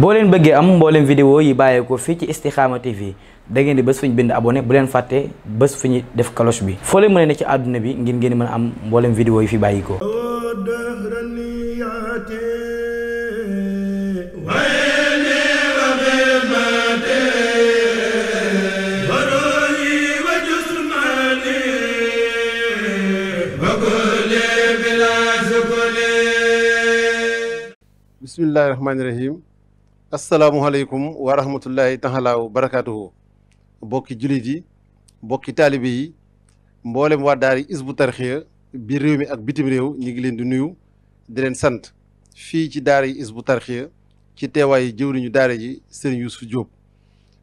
boo leen bëggee am mbooleem vidéo yi bàyyeekoo fii ci Istikhama TV da ngeen di bés fu ñu bind abonné bu leen fàtte bés fu ñu def cloche bi foo leen mën ne ci àdduna bi ngir ngeen mën am mbooleem vidéo yi fi bàyyikoo bismillahi rahmaani rahim asalaamualeykum wa rahmatullahi taala wa barakaatuhu mbokki jullit yi mbokki taalibe yi mboolem waa daari isbu tarxiya bi réew mi ak bitim réew ñu ngi leen di nuyu di leen sant fii ci daar daari isbu tarxiya ci teewaayu jëwriñu daar ji sëriñ Yuusuf Jóob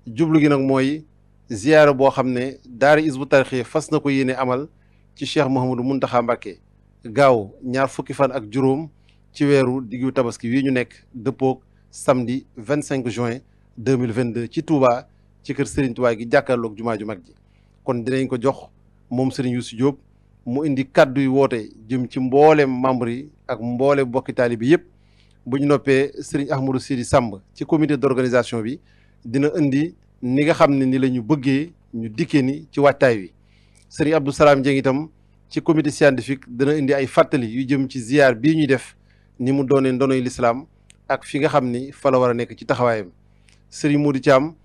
jublu gi nag mooy ziyaara boo xam ne daari isbu tarxiya fas na ko yéene amal ci cheikh Mouhamadou Mountakha Mbacké gaaw ñaar fukki fan ak juróom ci weeru diggu tabaski wi ñu nekk dëppook samedi 25 juin 2022 ci Touba ci kër Serigne Touba gi jàkkaarloog jumaa ju mag ji kon dinañ ko jox moom Serigne Youssou Diop mu indi kàddu yu woote jëm ci mboolem membre yi ak mboole bokki taali bi yëpp bu ñu noppee Serigne Ahmadou Sidi sàmb ci comité d'organisation bi dina indi ni nga xam ne ni la ñu bëggee ñu dikkee ni ci wattaay wi Serigne Abdou Salam Dieng itam ci comité scientifique dana indi ay fàttali yu jëm ci ziar bii ñuy def ni mu doonee ndonoy lislaam ak fi nga xam ni fa war a nekk ci taxawaayam Serigne Modou Thiam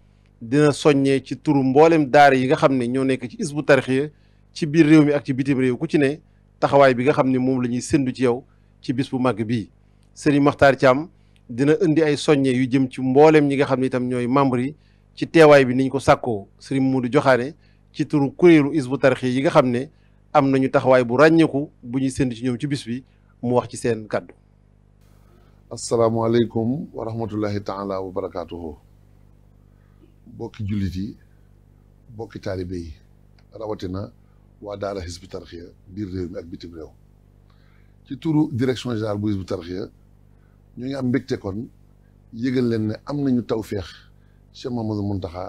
dina soññee ci turu mboolem daara yi nga xam ne ñoo nekk ci isbu tarixia ci biir réew mi ak ci bitim réew ku ci ne taxawaay bi nga xam ne moom la ñuy séntu ci yow ci bis bu màgg bii Serigne Makhtar Thiam dina indi ay soññee yu jëm ci mboolem ñi nga xam ne itam ñooy membre yi ci teewaay bi niñ ko sàkkoo Serigne Modou joxaane ci turu kuréelu isbu tarixia yi nga xam ne am nañu taxawaay bu ràññeeku bu ñuy séntu ci ñoom ci bis bi mu wax ci seen kàddu asalaamualeykum wa rahmatullahi taala wa barakaatuhu bokki jullit yi bokki taalibe yi rawatina waa daara Hizbut Tarqiyyah biir réew mi ak bitim réew ci turu direction générale bu Hizbut Tarqiyyah ñu ngi am mbégte kon yëgal leen ne am nañu tawféex Cheikh Mamadou Muntaxa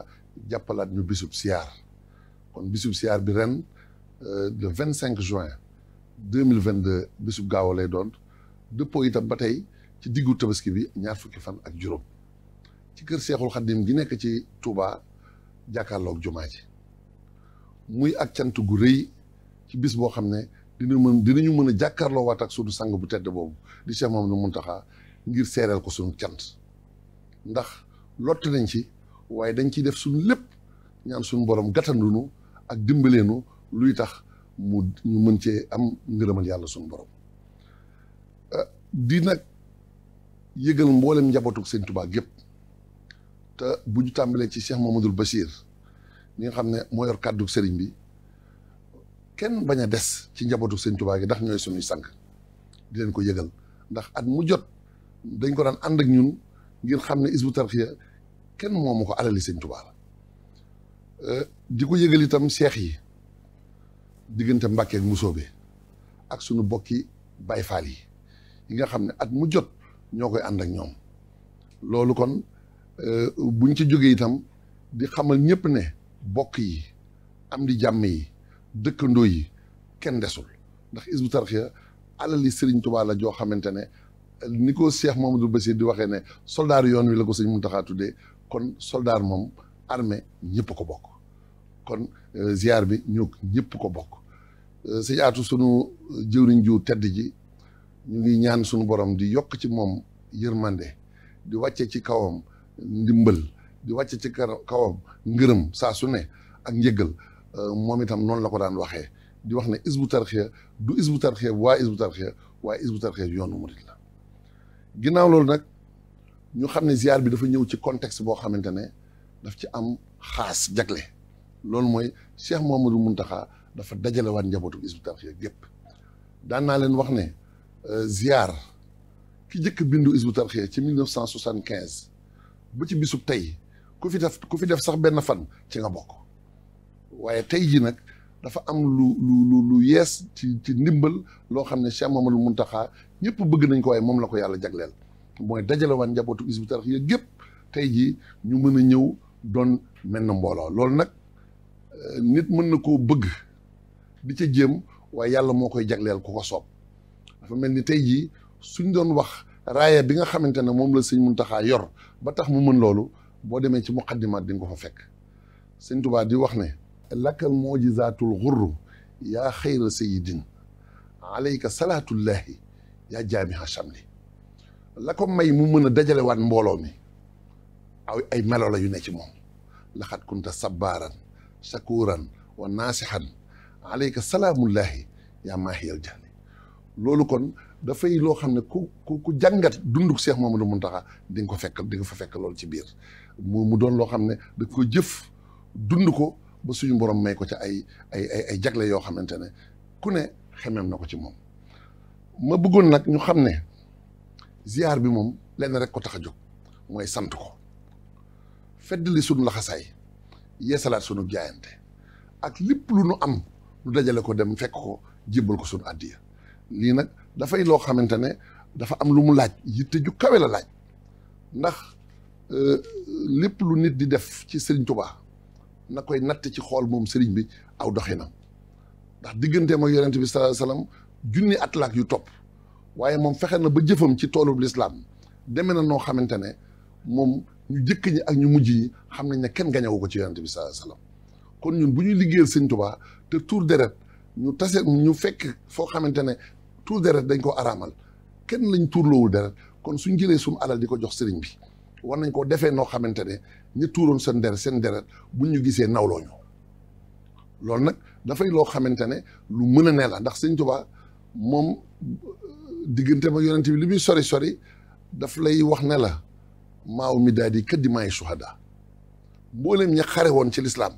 jàppalaat ñu bisub siyaar kon bisub siyaar bi ren euh, le vingt cinq juin deux mille vingt deux bisub gaaw lay doon dëppoo itam ba tey ci diggu tabaski bi ñaar fukki fan ak juróom ci kër seexul xaddim gi nekk ci tuubaa jàkkaarloog jumaa ji muy ak cant gu rëy ci bis boo xam ne dina mën dinañu mën a jàkkaarloo waat ak sunu sang bu tedd boobu di Cheikh mun taxaa ngir seereel ko sunu cant ndax lott nañ ci waaye dañ ciy def suñu lépp ñaan suñu borom gàttandunu ak dimbaleenu luy tax mu mu mën cee am ngërëmal yàlla suñu borom di yëgal mboolem njabootug sëñ Tuubaa gépp te bu ñu tàmbalee ci Cheikh Mamadou Bachir mi nga xam ne moo yor kàddu sëriñ bi kenn bañ a des ci njabootu sëñ Tuubaa gi ndax ñooy suñuy sang di leen ko yëgal ndax at mu jot dañ ko daan ànd ak ñun ngir xam ne Hizbut Tarqiyyah kenn moomu ko alali sëñ Tuubaa la euh, di ko yëgal itam seex yi diggante Mbàkke ak Musóobe ak suñu bokki bay Faal yi yi nga xam ne at mu jot ñoo koy ànd ak ñoom loolu kon euh, buñ ci jógee itam di xamal ñëpp ne bokk yi am di jàmm yi dëkkandoo yi kenn desul ndax Hizbut Tarqiyyah alali Serigne Touba la joo xamante ne ni ko Cheikh Mamadou Bassir di waxee ne soldaar yoon wi la ko sëñ Mountakha de kon soldaar moom armée ñëpp ko bokk kon euh, ziar bi ñoo ñëpp ko bokk euh, sëñ Atou sunu jëwriñ ju tedd ji ñu ngi ñaan suñu borom di yokk ci moom yërmande di wàcce ci kawam ndimbal di wàcce ci kawam ngërëm saa su ne ak njëgal euh, moom itam noonu la ko daan waxee di wax ne isbu tarxiya du isbu tarxiya waa isbu waaye isbu tarxiya yoonu murit la ginnaaw loolu nag ñu xam ne ziar bi dafa ñëw ci contexte boo xamante ne daf ci am xaas jagle loolu mooy Cheikh Mouhamadou Mountakha dafa dajale waat njabootu isbu tarxiya gépp daan naa leen wax ne Euh, ziar ki njëkk bindu Hizbut Tarqiyyah ci 1975 bu ci bisub tey ku fi def ku fi def sax benn fan ci nga bokk waaye tey ji nag dafa am lu lu lu yees ci ci ndimbal loo xam ne lu mun taxaa ñëpp bëgg nañ ko waaye moom la ko yàlla jagleel mooy dajale waan njabootu Hizbut Tarqiyyah yëpp tey jii ñu mën a ñëw doon mel na mbooloo loolu nag euh, nit mën na koo bëgg bi ca jéem waaye yàlla moo koy jagleel ku ko soob dafa mel ni tey jii suñ doon wax raaya bi nga xamante ne moom la sëñ Muntaxa yor ba tax mu mën loolu boo demee ci muqaddimaat di nga ko fa fekk sëñ Tuubaa di wax ne lakkal mojizaatul xurru yaa xayra sayidin alayka salaatullahi yaa jaamiha shamli la may mu mën a dajalewaat mbooloo mi aw ay melo la yu ne ci moom laxat kunta sabbaaran shakuuran wa naasixan alayka salaamullahi yaa maahiyal jahannam loolu kon dafay loo xam ne ku ku ku jàngat dunduk moom Mamadou mun di nga ko fekk di nga fa loolu ci biir mu mu doon loo xam ne da ko jëf dund ko ba suñu borom may ko ca ay ay ay ay jagle yoo xamante ne ku ne xemeem na ko ci moom ma bëggoon nag ñu xam ne ziar bi moom lenn rek ko tax a jóg mooy sant ko fedd feddali suñu laxasaay yeesalaat suñu jaayante ak lépp lu nu am lu dajale ko dem fekk ko jébbal ko suñu àddiya lii nag dafay loo xamante ne dafa am lu mu laaj yitte ju kawe la laaj ndax euh, lépp lu nit di def ci Serigne Touba na koy natt ci xool moom sëriñ bi aw doxina ndax digganteem ak yonent bi sallallahu alayhi wasallam junni at laak yu topp waaye moom fexe na ba jëfam ci toolu lislaam deme na noo xamante ne moom ñu jëkk ñi ak ñu mujj yi xam nañ ne kenn gañawu ko ci yonent bi sallallahu alayhi wasallam kon ñun bu ñu liggéeyal Serigne Touba te tuur deret ñu tase ñu fekk foo xamante ne tuur deret dañ koo araamal kenn lañ tuurloowul deret kon suñ jëlee suñu alal di ko jox sëriñ bi war nañ ko defee noo xamante ne ñu tuuroon seen deret seen deret buñ ñu gisee nawloo ñu loolu nag dafay loo xamante ne lu mën a ne la ndax sëñ Tuubaa moom diggante ma yonent bi li muy sori sori daf lay wax ne la maaw mi daal di kaddi maay suhada mboolem ña xare woon ci lislaam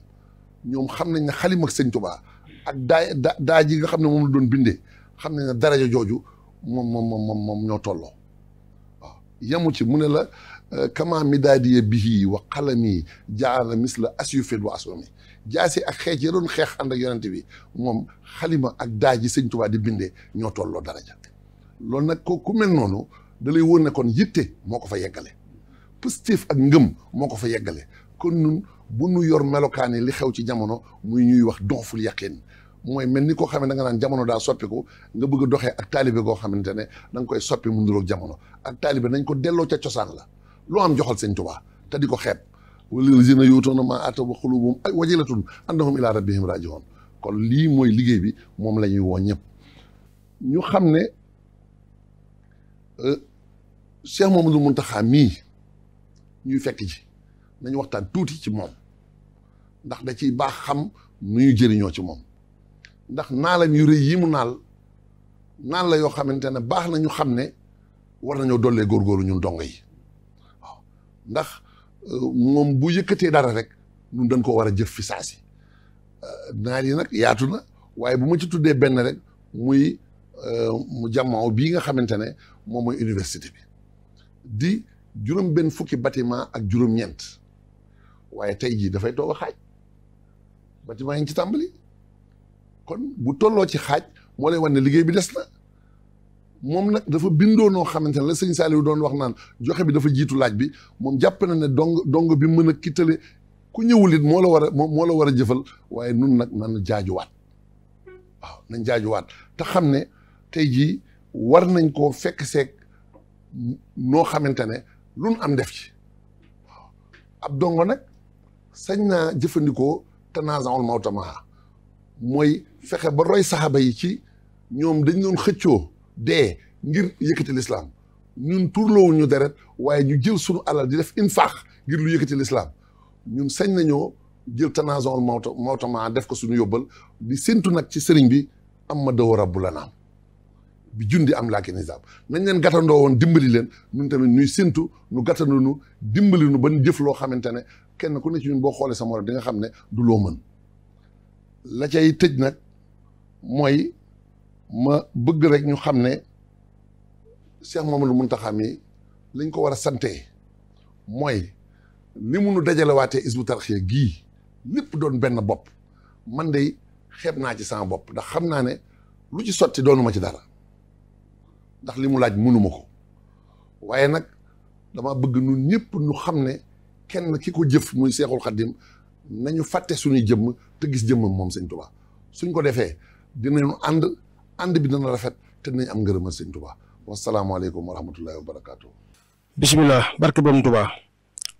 ñoom xam nañ ne xalim ak sëñ Tuubaa ak daay daa ji nga xam ne moom la doon bindee xam ne na daraja jooju moom moom moom moom ñoo tolloo waaw ci mu ne la euh, kama midaadiye bihi wa qalami jaala misla asyufid wa aswami jaasi ak xeej ya doon xeex ànd ak yonente bi moom xalima ak daa ji sëñ Tuubaa di bindee ñoo tolloo daraja loolu nag ko ku mel noonu dalay woon wóor ne kon yitte moo ko fa yeggale positif ak ngëm moo ko fa yeggale kon nun bu nu yor melokaani li xew ci jamono muy ñuy wax donful yaqin mooy mel ni koo xam ne nga naan jamono daa soppiku nga bëgg doxee ak taalibe goo xamante ne da koy soppi mu nduroog jamono ak taalibe nañ ko delloo ca cosaan la loo am joxal sëñ Tuubaa te di ko xeeb wallazina yu'tuuna maa aataw wa quluubuhum wajilatun annahum ilaa rabbihim raaji'uun kon lii mooy liggéey bi moom la ñuy woo ñëpp ñu xam ne euh, Cheikh mun Mountakha mii ñuy fekk ji nañu waxtaan tuuti ci moom ndax da ciy baax xam nu ñu jëriñoo ci moom ndax naalam yu rëy yii mu naal naan la yoo xamante ne baax na ñu xam ne war nañoo dollee góorgóorlu ñun dong yi ndax euh, moom bu yëkkatee dara rek ñun dañ ko war a jëf fi saa si euh, naar yi nag yaatu na waaye bu ma ci tuddee benn rek muy euh, mu jàmmaaw bii nga xamante ne moom mooy université bi di juróom benn fukki bâtiment ak juróom-ñeent waaye tey jii dafay toog xaaj bâtiment yi ngi ci tàmbali kon bu tolloo ci xaaj moo lay wan liggéey bi des na moom nag dafa bindoo noo xamante ne la sëñ Saliou doon wax naan joxe bi dafa jiitu laaj bi moom jàpp na ne dong dong bi mën a kittale ku ñëwul it moo la war a moo la war a jëfal waaye nun nag nan jaajuwaat waaw nañ jaajuwaat te xam ne tey jii war nañ koo fekk seeg noo xamante ne luñ am def ci ab dongo nag sañ naa jëfandikoo tanaasaul mawtamaa mooy fexe ba roy saxaaba yi ci ñoom dañ doon xëccoo dee ngir yëkkati lislaam ñun turloowuñu deret waaye ñu jël sunu alal di def infaax ngir lu yëkkati lislaam ñun sañ nañoo jël tanazon mawta mawtama def ko suñu yóbbal di séntu nag ci sëriñ bi am ma daw rabbu la naam bi di am laaki nisaab nañ leen gàttandoo woon dimbali leen ñun tamit ñuy séntu nu gàttandoo nu dimbali nu ba ñu jëf loo xamante ne kenn ku ne ci ñun boo xoolee sa morom di nga xam ne du loo mën la yi tëj nag mooy ma bëgg rek ñu xam ne Cheikh Mamadou Mountakha mi lañ ko war a sante mooy li mu nu dajalewaatee Hizbut Tarqiyyah gii lépp doon benn bopp man de xeeb naa ci sama bopp ndax xam naa ne lu ci sotti doonu ma ci dara ndax li mu laaj mënuma ko waaye nag dama bëgg nun ñëpp ñu xam ne kenn ki ko jëf muy Seexul Xaddim nañu fàtte suñuy jëmm te gis jëmm moom sëñ Tuubaa suñ ko defee dinañu ànd ànd bi dana rafet te dinañ am ngërëma sëñ Tuubaa wasalaamaaleykum wa rahmatullahi wa barakaatu. bisimilah barke borom Tuubaa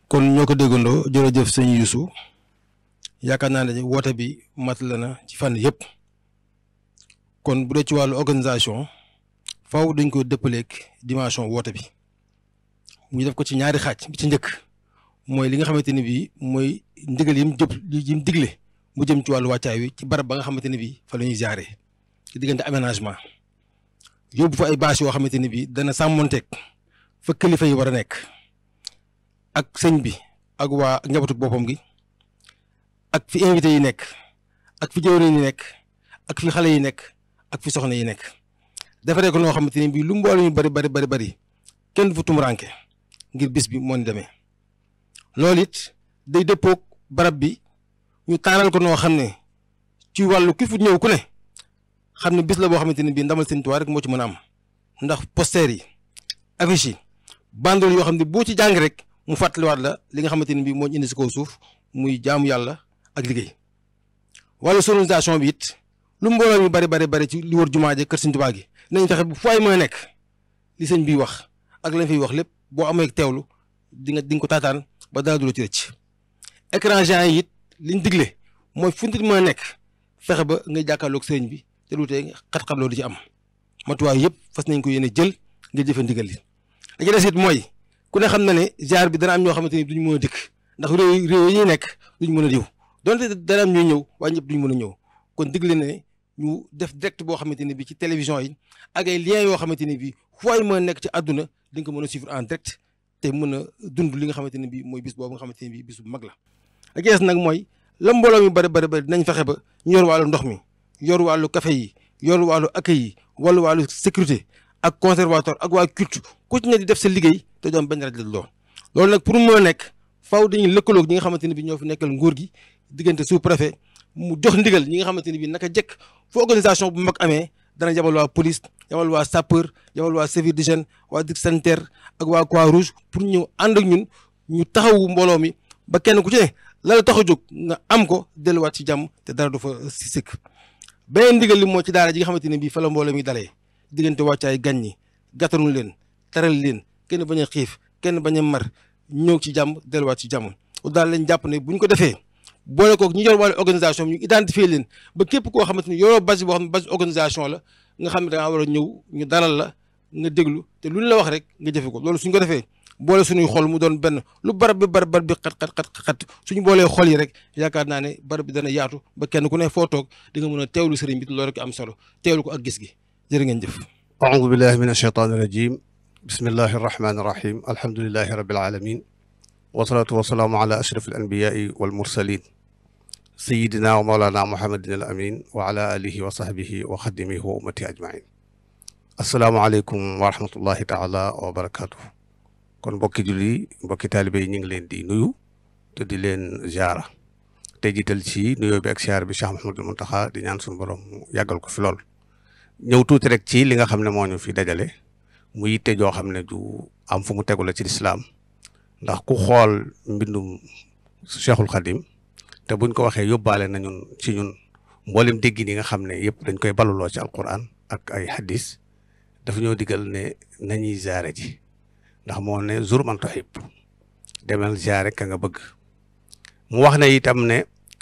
kon ñoo ko déggandoo jërëjëf sëñ Youssou yaakaar naa ne woote bi mat la na ci fànn yëpp kon bu dee ci wàllu organisation faaw dañ ko dëppaleek dimension woote bi ñu def ko ci ñaari xaaj bi ci njëkk mooy li nga xamante ni bii mooy. ndigal yi mu jëm yi mu digle mu jëm ci wàllu wàccaay wi ci barab ba nga xam te ne bi fa la ñuy jaaree ci diggante aménagement yóbbu fa ay bâche yoo xamante ne bii dana sàmmonteeg fa kilifa yi war a nekk ak sëñ bi ak waa njabootu boppam gi ak fi invité yi nekk ak fi jëwriñ yi nekk ak fi xale yi nekk ak fi soxna yi nekk defaree ko noo xamante ne bii lu mbooloo ñu bari bari bari bari kenn du tumuraanke ngir bis bi moo ni demee loolu it day dëppoog barab bi ñu taaral ko noo xam ne ci wàllu ki fu ñëw ku ne xam ne bis la boo xamante ne bii ndamal Sëñ Tuubaa rek moo ci mën a am ndax poster yi affiche yi bandool yoo xam ne boo ci jàng rek mu fàttaliwaat la li nga xamante ne bii moo ñu indi si kaw suuf muy jaamu yàlla ak liggéey wàllu sonorisation bi it lu mbooloo mi bari bari bari ci li wër jumaa ji kër Sëñ Tuubaa gi nañ fexe bu fooy mooy nekk li sëñ biy wax ak lañ fiy wax lépp boo amee teewlu di nga ko taataan ba dara du ci écran géant yi it liñ digle mooy fu nit nekk fexe ba nga jàkkaarloog sëriñ bi te lu tee xat-xat loolu di ci am matuwaay yëpp fas nañ ko yéene jël ngir jëfe ndigal li li ci mooy ku ne xam na ne ziar bi dana am ñoo xamante ni duñ mën dikk ndax réew réew yi ñuy nekk mën a diw donte dana am ñuy ñëw waaye ñëpp duñ mën a ñëw kon digle ne ñu def direct boo xamante ne bi ci télévision yi ak ay liens yoo xamante ne bi fooy mën a nekk ci àdduna di nga ko mën a suivre en te mën a dund li nga xamante ne bi mooy bis boobu nga xamante ne bi bis bu la la ci nag mooy la mbooloo mi bëri bëri bëri dinañ fexe ba ñu yor wàllu ndox mi yor wàllu café yi yor wàllu accueil yi wala wàllu sécurité ak conservatoire ak waa culture ku ci ne di def sa liggéey te doon benn rajo la doon loolu nag pour moo nekk faw dañuy lëkkaloog ñi nga xamante ne bi ñoo fi nekkal nguur gi diggante sous préfet mu jox ndigal ñi nga xamante ne bi naka jekk fu organisation bu mag amee dana yabal waa police yabal waa sappeur yabal waa de d'hygiène waa di sanitaire ak waa croix rouge pour ñëw ànd ak ñun ñu taxawu mbooloo mi ba kenn ku ci la la tax a jóg nga am ko delluwaat ci jàmm te dara du fa si sëkk beneen ndigal li moo ci daara ji nga xamante ne bii fa la mbooloo mi dalee diggante wàccaay gan ñi gàttanuñ leen taral leen kenn bañ a xiif kenn bañ mar ñëw ci jàmm delluwaat ci jàmm daal lañ jàpp ne bu ñu ko defee boole koog ñu yor wàllu organisation ñu identifier leen ba képp koo xamante ni yoroo base boo xam ne base organisation la nga xam ne da war a ñëw ñu dalal la nga déglu te lu ñu la wax rek nga jëfe ko loolu suñ ko defee boole suñuy xol mu doon benn lu barab bi barab bi xat xat xat xat suñu boolee xol yi rek yaakaar naa ne barab bi dana yaatu ba kenn ku ne foo toog di nga mën a teewlu sëriñ bi loolu rek am solo teewlu ko ak gis gi jërë ngeen jëf aoudu billahi min ashaytaan irajim bismillahi arrahmani irrahim alhamdulilahi rabbil alamin wasalaatu wasalaamu ala ashraf al anbiyai wal mursalin sayidina wa maolana muhammadin al amin wa ala alihi wa sahbihi wa xadimihi wa ummati ajmain asalaamaaleykum wa rahmatullahi taala wa barakatuh kon mbokki julli mbokki taalibe yi ñu ngi leen di nuyu te di leen ziara te jiital ci nuyoo bi ak ziar bi Cheikh Mouhamadul Mountakha di ñaan suñu borom ko fi lool. ñëw tuuti rek ci li nga xam ne moo ñu fi dajale mu yitte joo xam ne du am fu mu tegul la ci lislaam ndax ku xool mbindum Cheikhul Khadim te buñ ko waxee yóbbaale na ñun ci ñun mboolem dégg yi nga xam ne yëpp dañ koy baluloo ci alquran ak ay hadis dafa ñoo digal ne nañuy zaare ji. ndax moo ne zur man nga bëgg mu wax na itam ne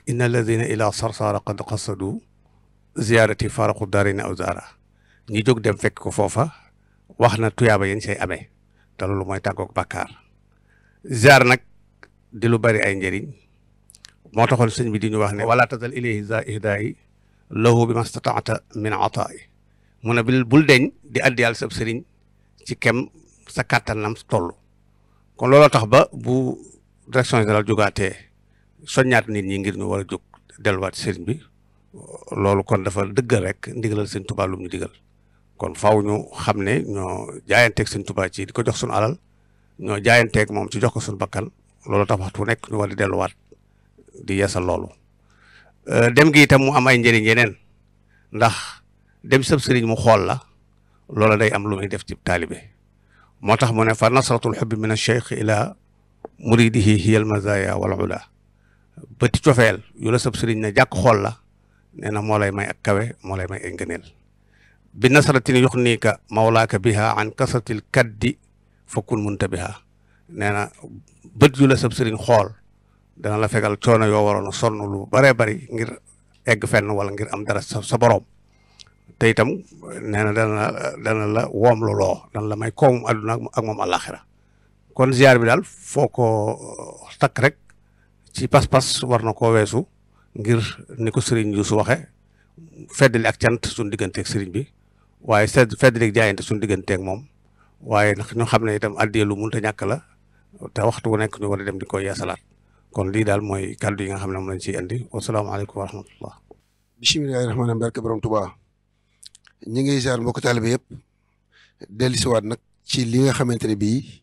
inna alladina ila sarsara qad qasadu ziyaarati faraqu daarini aw zaara ñi jóg dem fekk ko foofa wax na tuyaaba yéen say amee te loolu mooy tàggoog bàkkaar ziyaar nag di lu bari ay njëriñ moo taxoon sëñ bi di ñu wax ne wala tazal ilayhi zaahidaayi lahu bi ma stataata min ataayi mu ne bil bul deñ di addiyaal sab sëriñ ci kem sa kàttanam toll kon looloo tax ba bu direction générale jógaatee soññaat nit ñi ngir ñu war a jóg delluwaat sëriñ bi loolu kon dafa dëggal rek ndigalal sëñ Tuubaa lu ñu digal kon faw ñu xam ne ñoo jaayanteeg sëñ Tuubaa ci di ko jox suñu alal ñoo jaayanteeg moom ci jox ko suñu bakkan loolu tax waxtu nekk ñu war di delluwaat di yeesal loolu euh, dem gi itam mu am ay njëriñ yeneen ndax dem sëb sëriñ mu xool la loola day am lu muy def ci taalibe moo tax mu ne fa nasratul xubbi min alcheikh ila muridihi hiya almazaya wal ula bëti cofeel yu la sab sëriñ ne jàkk xool la nee na moo lay may ak kawe moo lay may ay ngëneel bi nasratin yuxniika mawlaaka biha an kasratil kaddi fakkun muntabiha nee na bët yu la sab sëriñ xool dana la fegal coono yoo waroon a sonn lu bare bari ngir egg fenn wala ngir am dara sa sa boroom te itam nee na dana la dana la woomlu loo dana la may koomum àdduna ak moom a àllaaxira kon ziar bi daal foo ko uh, takk rek ci pas-pas war na koo weesu ngir ni ko Serigne Youssou waxe feddali ak cant suñu digganteeg Serigne bi waaye sedd feddali ak jaayante suñu digganteek moom waaye ndax ñu xam ne itam addee lu mënta ñàkk la te waxtu wu nekk ñu war a dem di koy yeesalaat kon lii daal mooy kàddu yi nga xam ne moom lañ ciy indi wasalaamaaleykum wa rahmatullah ñi ngi ziar mbokk taalibe yëpp dellusiwaat nag ci li nga xamante ne bii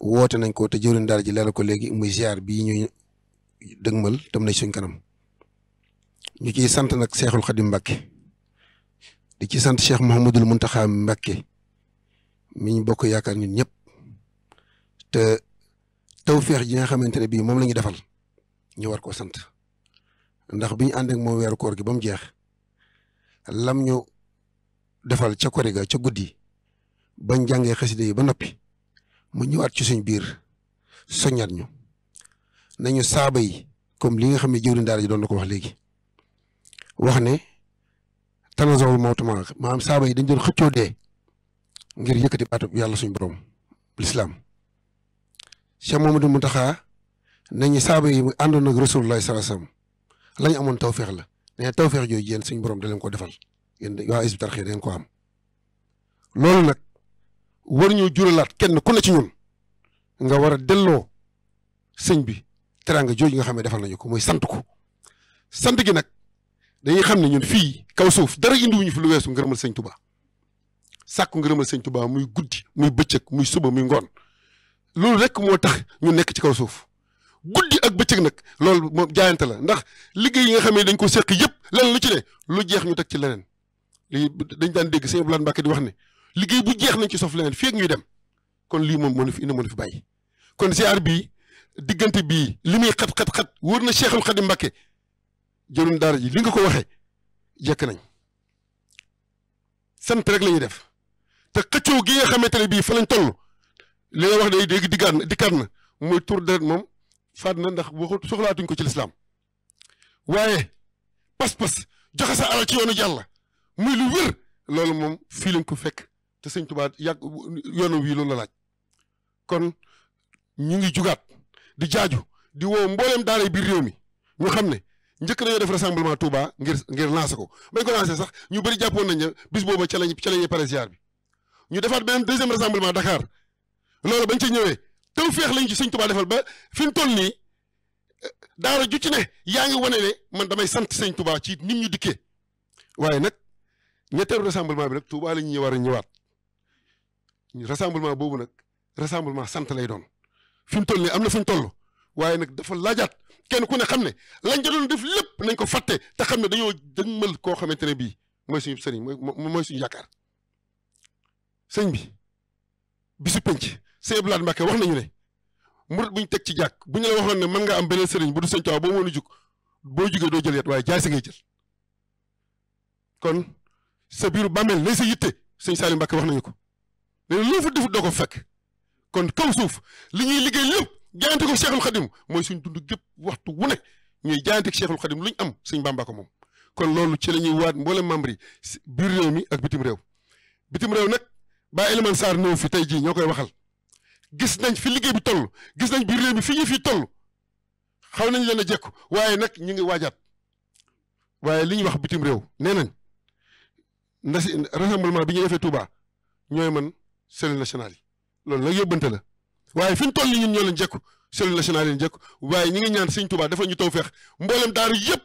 woote nañ ko te jëwriñ daara ji leeral ko léegi muy ziar bii ñuy dëgmal tam nañ suñ kanam ñu ciy sant nag Seexul Xadim Mbàkke di ci sant Cheikh Mouhamadul Muntaxa Mbàkke mi ñu bokk yaakaar ñun ñëpp te tawféex ji nga xamante ne bii moom la ñu defal ñu war koo sant ndax bi ñu ànd ak moom weeru koor gi ba mu jeex lam ñu defal ca kori ca guddi bañ jàngee xasida yi ba noppi mu ñëwaat ci suñ biir soññaat ñu nañu saaba yi comme li nga xam ne jëwriñ daara ji doon na ko wax léegi wax ne tanazawul mawtu maanaam saaba yi dañ doon xëccoo dee ngir yëkkati baatu yàlla suñ borom lislaam Cheikh mu Mountakha nañu saaba yi mu àndoon ak Rasulullah sallallahu alayhi wasallam lañ amoon taw tawféex la ne feex jooju yéen suñ borom da leen ko defal yéen waa Hizbut Tarqiyyah dangeen ko am loolu nag war ñu juralaat kenn ku ne ci ñun nga war a delloo sëñ bi teraanga jooju nga xam ne defal nañu ko muy sant ko sant gi nag dañuy xam ne ñun fii kaw suuf dara indiwuñu fi lu weesu ngërëmal sëñ Tuubaa sàkku ngërëmal sëñ Tuubaa muy guddi muy bëccëg muy suba muy ngoon loolu rekk moo tax ñu nekk ci kaw suuf guddi ak bëccëg nag loolu moom jaayante la ndax liggéey yi nga xamee dañ ko seq yëpp leneen lu ci ne lu jeex ñu teg ci leneen lii dañ daan dégg sëñ Abdoulaye Mbacke di wax ne liggéey bu jeex nañ ci sof leneen fii ak ñuy dem kon lii moom moo ñu fi indi moo ñu fi bàyyi kon ziar bii diggante bii li muy xat xat xat wóor na Cheikhul Khadim Mbacke jëlum daara ji li nga ko waxee jekk nañ sant rek la ñuy def te xëccoo gi nga xamante bii fa lañ toll li nga wax day dégg diggaat na dikkaat na mooy tur deret moom faat na ndax waxu soxlaatuñ ko ci lislaam waaye pas-pas joxe sa alal ci yoonu Yàlla muy lu wér loolu moom fii lañ ko fekk te sëñ Tuubaa yàgg yoonam wii loolu la laaj kon ñu ngi jugaat di jaaju di woo mbooleem daara biir réew mi ñu xam ne njëkk nañoo def rassemblement Touba ngir ngir lancé ko bañ ko lancé sax ñu bëri jàppoon nañ ne bis booba ca lañ ca lañuy pare ziar bi ñu defaat beneen deuxième rassemblement Dakar loolu bañ ca ñëwee taw feex lañ ci sëñ Tuubaa defal ba fi mu toll nii eh, daara ju ci ne yaa ngi wane ne man damay sant sëñ Tuubaa ci nit ñu dikkee waaye nag ñetteelu rassemblement bi nag Touba la ñuy war a ñëwaat rassemblement boobu nag rassemblement sant lay doon fi mu toll nii am na fu ñu toll waaye nag dafa laajaat kenn ku ne xam ne lañ ca doon def lépp nañ ko fatte te xam ne dañoo dëgmal koo xamante ne bii mooy suñu sëriñ mooy mooy suñu yaakaar sëñ bi bisu penc sëñ Blaat Mbàkke wax nañu ne murit buñ teg ci jàkk bu ñu wax waxoon ne mën nga am beneen sëriñ bu du sëñ Tuubaa boo mën a jug boo jugee doo jël yet waaye jaay si ngay jël sa biiru bàmmeel lay sa yitte suñ Saliou Mbacke wax nañu ko ne loo fa defut doo ko fekk kon kaw suuf li ñuy liggéey lépp jaayante ko Cheikhul Khadim mooy suñ dund gépp waxtu wu ne ñuy jaayante ko Cheikhul Khadim luñ am suñ Bàmba ko moom. kon loolu ci la ñuy waat mboole membre yi biir réew mi ak bitim réew bitim réew nag ba Elimane Sarr ñëw fi tey jii ñoo koy waxal gis nañ fi liggéey bi toll gis nañ biir réew mi fi ñu fi toll xaw nañ leen a jekku waaye nag ñu ngi waajaat waaye li ñuy wax bitim réew nee nañ. nda si rassemblement bi ñu defee Touba ñooy man cellule nationale yi loolu nag yóbbante la waaye fi mu toll nii ñun ñoo leen jekku cellule nationale yi jekku waaye ñi ngi ñaan Sëñ Touba dafa ñu taw feex mboolem daaru yëpp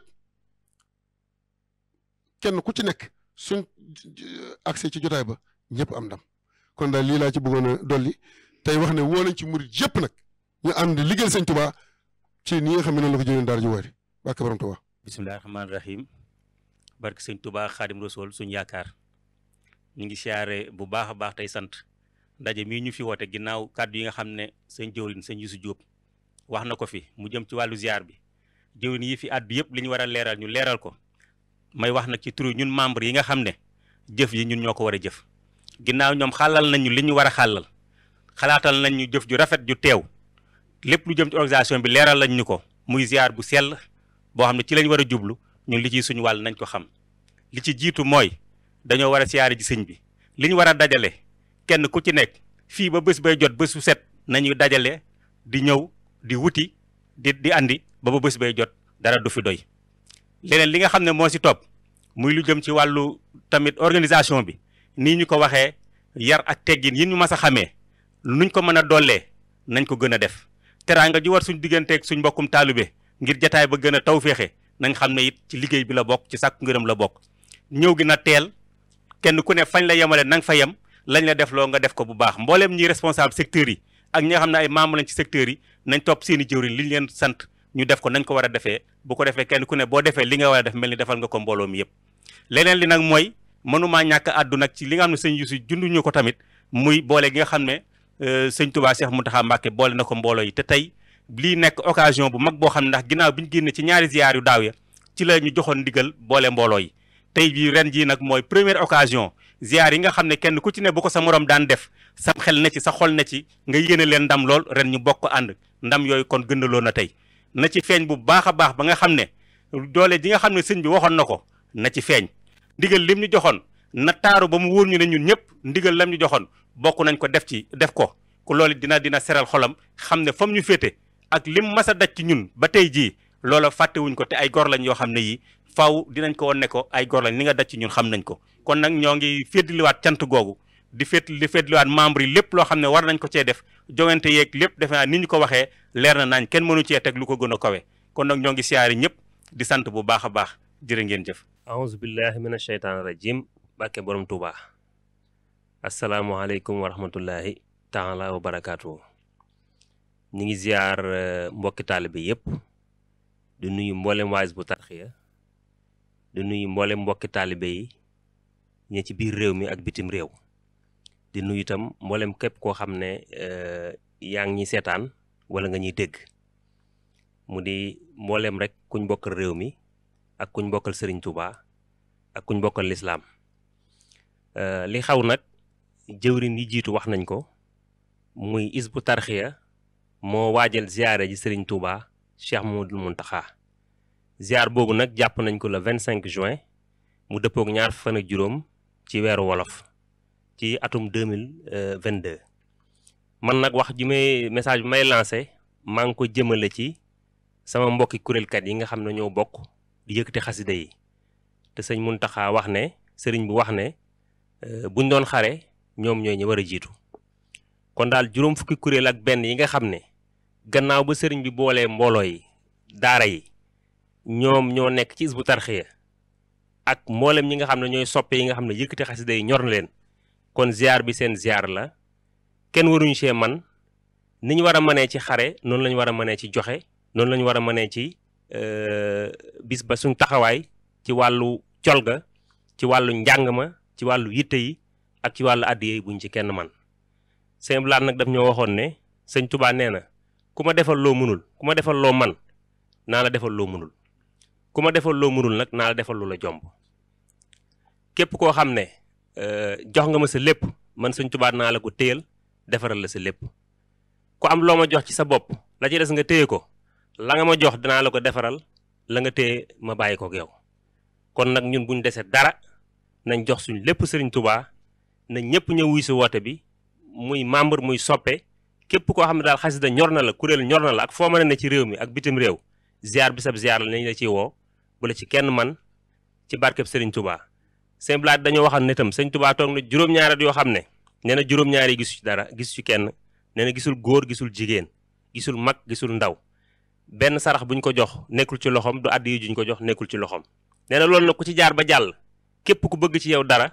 kenn ku ci nekk suñ eh, accès ci jotaay ba ñëpp am ndam kon daal lii laa ci bëggoon a dolli tey wax ne woo ci murit yëpp nag ñu ànd liggéey Sëñ Touba ci ni nga xam ne la ko jëlee daara ju wari bàkk borom Touba bismillahi rahmaani barke sëñ Touba xaadim rasool suñ yaakaar ñu ngi siyaare bu baax a baax tey sant ndaje mii ñu fi woote ginnaaw kàddu yi nga xam ne sëñ jëwriñ sëñ su Jóob wax na ko fi mu jëm ci wàllu ziar bi jëwriñ yi fi àddu yëpp li ñu war a leeral ñu leeral ko may wax na ci turu ñun membre yi nga xam ne jëf yi ñun ñoo ko war a jëf ginnaaw ñoom xàllal nañu li ñu war a xàllal xalaatal nañ ñu jëf ju rafet ju teew lépp lu jëm ci organisation bi leeral lañ ñu ko muy ziar bu sell boo xam ne ci lañ war a jublu ñun li ciy suñu wàll nañ ko xam li ci jiitu mooy dañoo war a siyaare ji sëñ bi liñ war a dajale kenn ku ci nekk fii ba bés bay jot bésu set nañuy dajale di ñëw di wuti di di andi ba ba bés bay jot dara du fi doy. leneen li nga xam ne moo si topp muy lu jëm ci wàllu tamit organisation bi nii ñu ko waxee yar ak teggin yi ñu mas a xamee nuñ ko mën a dollee nañ ko gën a def teraanga ju war suñ digganteeg suñ mbokkum taalibe ngir jataay ba gën a tawféexe nañ xam ne it ci liggéey bi la bokk ci sàkku ngërëm la bokk ñëw gi na teel kenn ku ne fañ la yemale na nga fa yem lañ la def loo nga def ko bu baax mbooleem ñi responsable secteurs yi ak ñi xam ne ay membre lañ ci secteurs yi nañ topp seen i jëwriñ li leen sant ñu def ko nañ ko war a defee bu ko defee kenn ku ne boo defee li nga war a def mel ni defal nga ko mbooloo mi yëpp leneen li nag mooy mënumaa ñàkk àddu ci li nga xam ne sëñ Yuusu junduñu ko tamit muy boole gi nga xam ne euh, sëñ tubaa Seex Muntaxaa Mbàkke boole na ko mbooloo yi te tey lii nekk occasion bu mag boo xam ne ndax ginnaaw bi ñu génne ci ñaari ziyaar yu daaw ya ci la ñu joxoon ndigal boole mboolooy tey bii ren jii nag mooy première occasion ziyaar yi nga xam ne kenn ku ci ne bu ko sa morom daan def sa xel na ci sa xol na ci nga yéene leen ndam lool ren ñu bokk ànd ndam yooyu kon gëndaloo na tey na ci feeñ bu baax a baax ba nga xam ne doole ji nga xam ne sëñ bi waxoon na ko na ci feeñ ndigal lim ñu joxoon na taaru ba mu wóor ñu ne ñun ñëpp ndigal lam ñu joxoon bokk nañ ko def ci def ko ku loolu dina dina seral xolam xam ne fam ñu féete ak lim mas a daj ci ñun ba tey jii loola fàttewuñ ko te ay gor lañ yoo xam ne yi faaw dinañ ko woon ne ko ay gor lañ ni nga daj ci ñun xam nañ ko kon nag ñoo ngi féetliwaat cant googu di féet di féetliwaat membre yi lépp loo xam ne war nañ ko cee def jongante yeeg lépp defe naa ni ñu ko waxee leer na naañ kenn mënu cee teg lu ko gën a kawe kon nag ñoo ngi siyaari ñëpp di sant bu baax a baax jërë ngeen jëf aouzu billahi mina sheytaani rajim bàkke borom tuubaa asalaamaaleykum wa rahmatullahi taala wa barakaatu ñu ngi ziar euh, mbokki taalibe yëpp di nuyu mboolem waa Hizbut Tarqiyyah di nuyu mboolem mbokki taalibe yi ñi ci biir réew mi ak bitim réew di nuyu itam mboolem képp koo xam ne euh, yaa ngi seetaan wala nga ñuy dégg mu di mboolem rek kuñ bokkal réew mi ak kuñ bokkal Serigne Touba ak kuñ bokkal lislaam euh, li xaw nag jëwrin yi jiitu wax nañ ko muy Hizbut Tarqiyyah moo waajal ziare ji Serigne Touba Cheikh Mouhamadoul Mountakha ziar boobu nag jàpp nañ ko le 25 juin mu dëppook ñaar fan ak juróom ci weeru wolof ci atum 2022 man nag wax ji may message bi may lancé maa ngi ko jëmale ci sama mbokki kuréelkat yi nga xam ne ñoo bokk di yëkkati xasida yi te sëñ Mountakha wax ne sëriñ bu wax ne euh, buñ doon xare ñoom ñooy ñi war a jiitu kon daal juróom fukki kuréel ak benn yi nga xam ne gannaaw ba sëriñ bi boolee mbooloo yi daara yi ñoom ñoo nekk ci isbu tarxiya ak mboolem ñi nga xam ne ñooy soppe yi nga xam ne yëkkati xasida yi ñor na leen kon ziar bi seen ziar la kenn waruñu see man ni ñu war a mënee ci xare noonu la ñu war a mënee ci joxe noonu la ñu war a mënee ci euh, bis ba suñ taxawaay ci wàllu colga ci wàllu njàng ma ci wàllu yitte yi ak ci wàllu àddiya yi buñ ci kenn man sëñ Blaat nag daf ñoo waxoon ne sëñ Tuubaa nee na ku ma defal loo mënul ku ma defal loo man naa la defal loo mënul ku ma defal loo mënul nag naa la defal lu la jomb képp koo xam ne euh, jox nga ma sa lépp man Sëñ Tuubaa naa la ko téyal defaral la sa lépp ku am loo ma jox ci sa bopp la ci des nga téye ko la nga ma jox dinaa la ko defaral la nga téye ma bàyyi ko ak kon nag ñun buñ dese dara nañ jox suñ lépp Sëriñ Tuubaa na ñëpp ñëw wuy si woote bi muy membre muy soppe képp koo xam ne daal xasida ñor na la kuréel ñor na la ak foo mën a ne ci réew mi ak bitim réew ziar bi sab ziar la nañ la ciy woo bu la ci kenn man ci barkeb Serigne Touba. sëñ Blaat dañoo waxoon ne itam sëñ Touba toog na juróom-ñaari at yoo xam ne nee na juróom-ñaari gisu ci dara gisu ci kenn nee na gisul góor gisul jigéen gisul mag gisul ndaw benn sarax buñ ko jox nekkul ci loxoom du àdd yi juñ ko jox nekkul ci loxoom. nee na loolu nag ku ci jaar ba jàll képp ku bëgg ci yow dara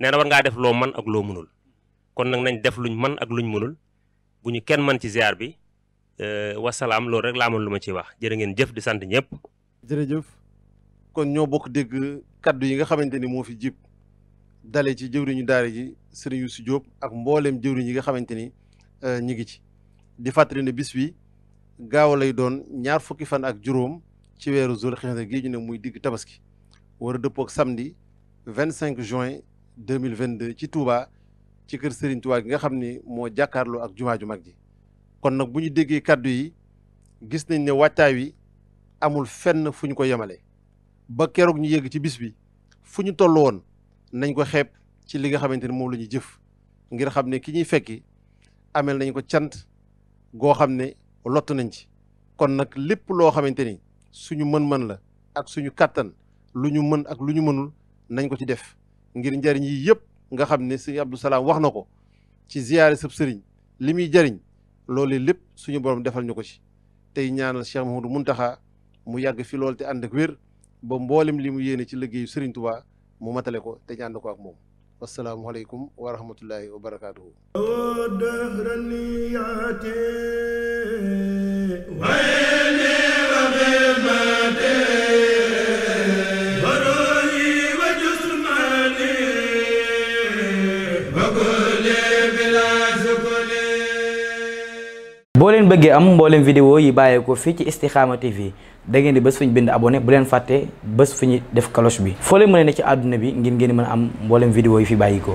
nee na war ngaa def loo man ak loo mënul kon nag nañ def luñ man ak luñ mënul bu ñu kenn man ci ziar bi euh, wasalaam loolu rek laa amoon lu ma ciy wax jërë ngeen jëf di sant ñëpp. jërëjëf kon ñoo bokk dégg kaddu yi nga xamante ni moo fi jib dale ci jëwriñu daara ji sëriñ si Diop ak mbooleem jëwriñ yi nga xamante ni euh, ñu ngi ci. di fàttali ne bis bi gaaw lay doon ñaar fukki fan ak juróom ci weeru Zulxijja gi ñu ne muy digg tabaski war a dëppoo ak samedi 25 juin ci Touba. ci kër Serigne Touba gi nga xam ni moo jàkkaarloo ak jumaa ju mag ji kon nag bu ñu déggee kàddu yi gis nañ ne wàccaay wi amul fenn fu ñu ko yemale ba keroog ñu yegg ci bis bi fu ñu toll woon nañ ko xeep ci li nga xamante ni moom la ñuy jëf ngir xam ne ki ñuy fekki ameel nañ ko cant goo xam ne lott nañ ci kon nag lépp loo xamante ni suñu mën-mën la ak suñu kàttan lu ñu mën ak lu ñu mënul nañ ko ci def ngir njariñ yi yëpp nga xam ne sëñ Abdou Salaam wax na ko ci ziyaare sëb sëriñ li muy jëriñ loolu lépp suñu borom defal ñu ko ci tey ñaanal Cheikh Mouhamadou taxa mu yàgg fi loolu te ànd ak wér ba mboolem li mu yéene ci liggéeyu sëriñ Touba mu matale ko te ñaan ko ak moom wasalaamualeykum wa rahmatullahi wa barakaatuhu. ngeen bëggee am mboolem vidéo yi bàyyeekoo fii ci Istikhama TV da ngeen di bés fu ñu bind abonné bu leen fàtte bés fu ñu def cloche bi foo leen mën ne ci àdduna bi ngir ngeen mën a am mboolem vidéo yi fi bàyyikoo